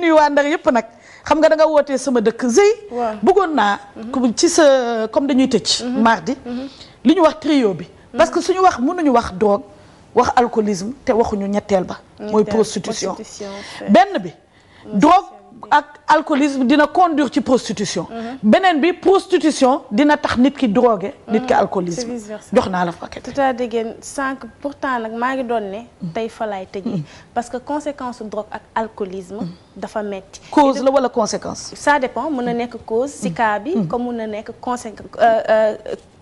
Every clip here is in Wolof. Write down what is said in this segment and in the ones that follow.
nuyu waa Ndar yëpp nag xam nga da wootee sama dëkk Zey. bëggoon naa. Mhm. ci sa comme dañuy tëj. Mhm. mardi mhm. li ñu wax trio bi. parce que suñu wax mënuñu wax drogue wax alcoolisme te waxuñu ñetteel ba. mooy prostitution benn bi drogue. ak alcoolisme dina conduire ci prostitution. Mhm. beneen bi prostitution dina tax nit ki drogué. nit ki mhm. alcoolisme jox naa la paquet. tout à dégg ngeen sànq pourtant nag maa ngi doon ne. Mhm. tey falaay laay tëjee. parce que conséquence su drogue ak alcoolisme. dafa metti cause la wala conséquence. ça dépend mun na nekk euh, euh, cause si cas bi. comme mun na nekk conséquence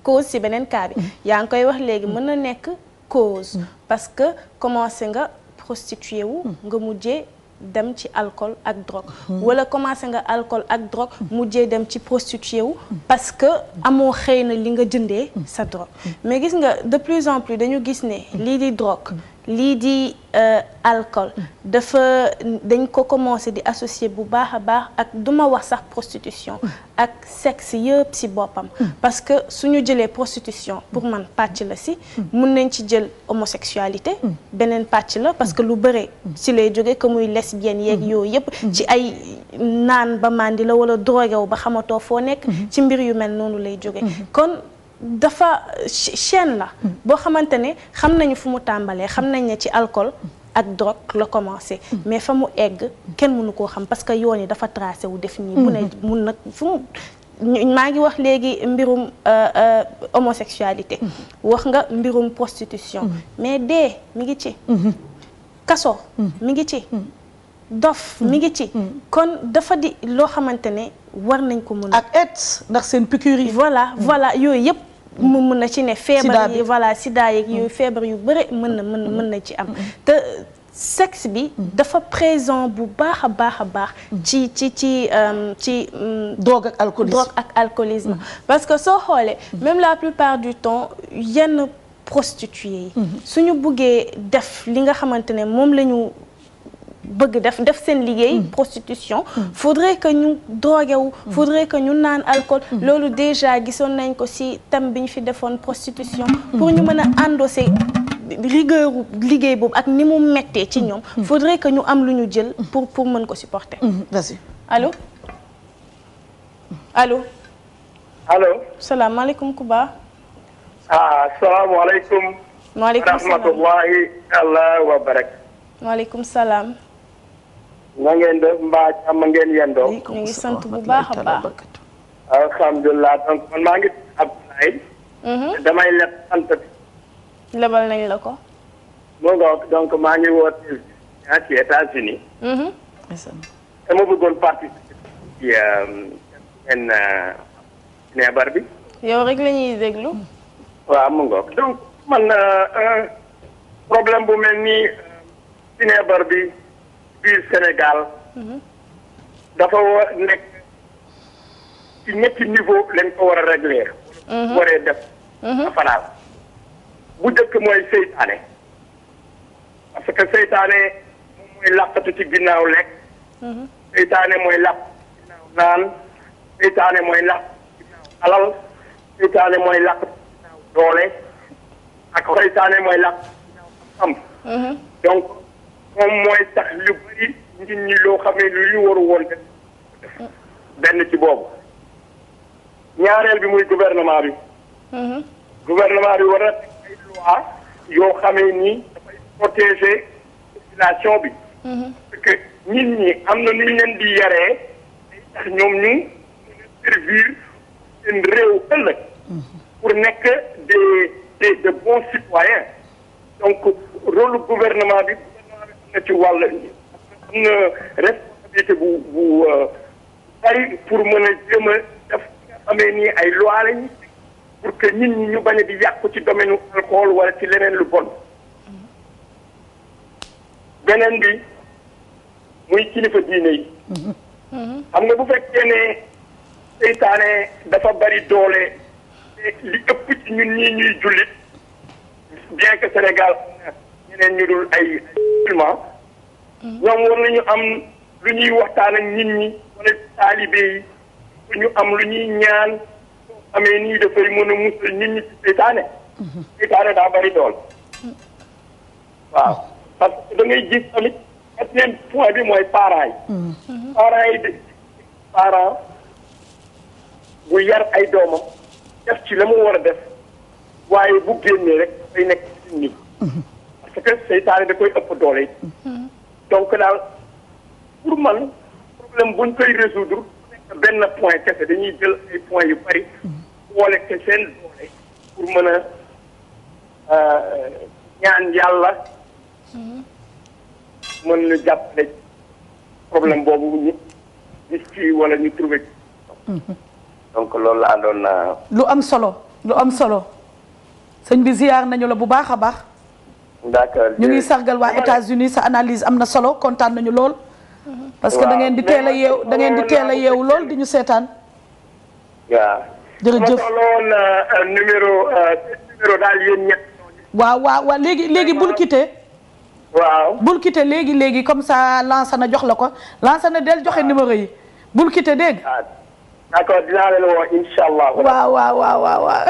cause si beneen cas yaa ngi koy wax léegi mën na nekk cause. parce que commencé nga prostitué wu. nga mujjee. dem ci alcool ak drogue. wala commencé nga alcool ak drogue mujjee dem ci prostitué wu. parce que amoo xëy na li nga jëndee sa drogue mais gis nga de plus en plus dañu gis ne lii di drogue. lii di euh, alcool dafa dañ ko commencé di associer bu baax a baax ak duma wax sax prostitution ak sexe yëpp ci boppam parce que su ñu jëlee prostitution pour man pàcc la si mun nañ ci jël homosexualité beneen pàcc la parce que lu bëre ci lay jóge que muy lesbienne yeeg yooyu yëpp ci ay naan ba màndi la wala drogué wu ba xamatoo foo nekk ci mbir yu mel noonu lay jóge kon dafa chaîne la. Hmm. boo xamante ne xam nañu fu mu tàmbalee xam nañ na ci alcool. Hmm. ak drogue la commencé. Hmm. mais fa mu egg kenn mënu koo xam parce que yoon yi dafa tracé wu def nii. bu ne mun nag fu mu. maa ngi wax léegi mbirum euh, euh, homosexualité. wax nga mbirum prostitution. mais dee mi ngi ci. kaso. mi ngi ci. dof mi ngi ci. kon dafa di loo xamante ne war nañ ko mën ak et ndax seen piqûre yi. voilà voilà yooyu yëpp. mu mën na ci ne feebar yi voilà sida yeeg yooyu mm. feebar yu bëri mën na mën mën na ci am te sexe bi mm. dafa présent bu baax a baax a baax mm. ci ci ci euh, ci drogue ak alcoolisme ak alcoolisme parce que soo xoolee même la plupart du temps yenn prostituées yi mm-hmm. suñu buggee def li nga xamante ne moom lañu bëgg def def seen liggéey mm. prostitution mm. faudrait que ñu drogué wu mm. que ñu naan alcool loolu déjà gisoon nañ ko ci thème bi ñu fi defoon prostitution pour ñu mën a endosser rigueur liggéey boobu ak ni mu mettee ci ñoom faudrait que ñu am lu ñu jël pour pour mën ko si supporter vas-y alo allo alo salaamaaleykum Kuba ah salaamaaleykum waaleykum salaam wa rahmatullahi wa barakatuh waaleykum salaam na ngeen def mbaa jàmm ngeen yendoo. ñu ngi sant bu baax a baax. alhamdulilah donc man maa ngi Abdoulaye. Mhm. damay leb sant lebal nañ la ko. mu donc maa ngi woote mhm. ci États-Unis. Euh, euh, bi. yow rek ñuy déglu. waaw mu donc man euh, problème bu mel nii ci neebar bi. biir Sénégal. dafa war nekk ci ñetti niveau lañ ko war a régler. Mhm. waree def. Mhm. afanaal bu njëkk mooy seytaane parce que seytaane moom mooy làqatu ci ginnaaw lekk. Mhm. seytaane mooy làq ginnaaw naan seytaane mooy làq ginnaaw alal seytaane mooy làq ginnaaw doole ak seytaane mooy làq ginnaaw am donc. moom mooy tax lu bari nit ñi loo xamee lu ñu waru woon benn ci boobu ñaareel bi muy gouvernement bi mhm. gouvernement bi war a teg ay loi yoo xamee ni dafay protéger population bi mhm. parce que nit ñi am na nu ñu leen di yare day tax ñoom ñu servir seen réew ëllëg pour nekk des de bons citoyens donc rôle gouvernement bi ci wàll am bu bu euh, bari pour mën a jéem a def nga xamee nii ay loi lañ pour que nit ñi ñu bañ di yàqu ci domaine alcool wala ci leneen lu bon beneen bi muy kilifa diine yi xam nga bu fekkee ne seytaane dafa bari doole li ëpp ci ñun ñii ñuy jullit bien Sénégal ñeneen ñu dul ay musulman ñoom war nañu am lu ñuy waxtaan ak nit ñi wala taalibe yi pour ñu am lu ñuy ñaan amee nii dafay mën a musal nit ñi ci seytaane seytaane daa bari dool waaw parce que da ngay gis tamit point bi mooy parents yi parents yi de parent bu yar ay doomam def ci la mu war a def waaye bu génnee rek dafay nekk ci nit parce que da koy ëpp doole. donc daal pour man problème buñ koy résoudre benn point kese dañuy jël ay points yu bari. boole ke seen doole pour mën a euh, ñaan yàlla. mën na jàppale problème boobu ñu gis ci wala ñu trouvé. donc loolu la àndoon naa. Euh, lu am solo lu am solo sëñ bi ziyaar nañu la bu baax a baax. d'accord ñu ngi sargal waa États-Unis sa analyse am na solo kontaan nañu lool. parce que da ngeen di teel a yeew da ngeen di teel a yeewu lool di ñu seetaan. waaw jërëjëf euh, euh, waaw waaw léegi léegi bul quitté. waaw bul léegi léegi comme sa ça Lansana jox la ko Lansana del joxe numéro yi bul quitté dégg ah. d'accord dinaa leen woo incha allah. waaw waaw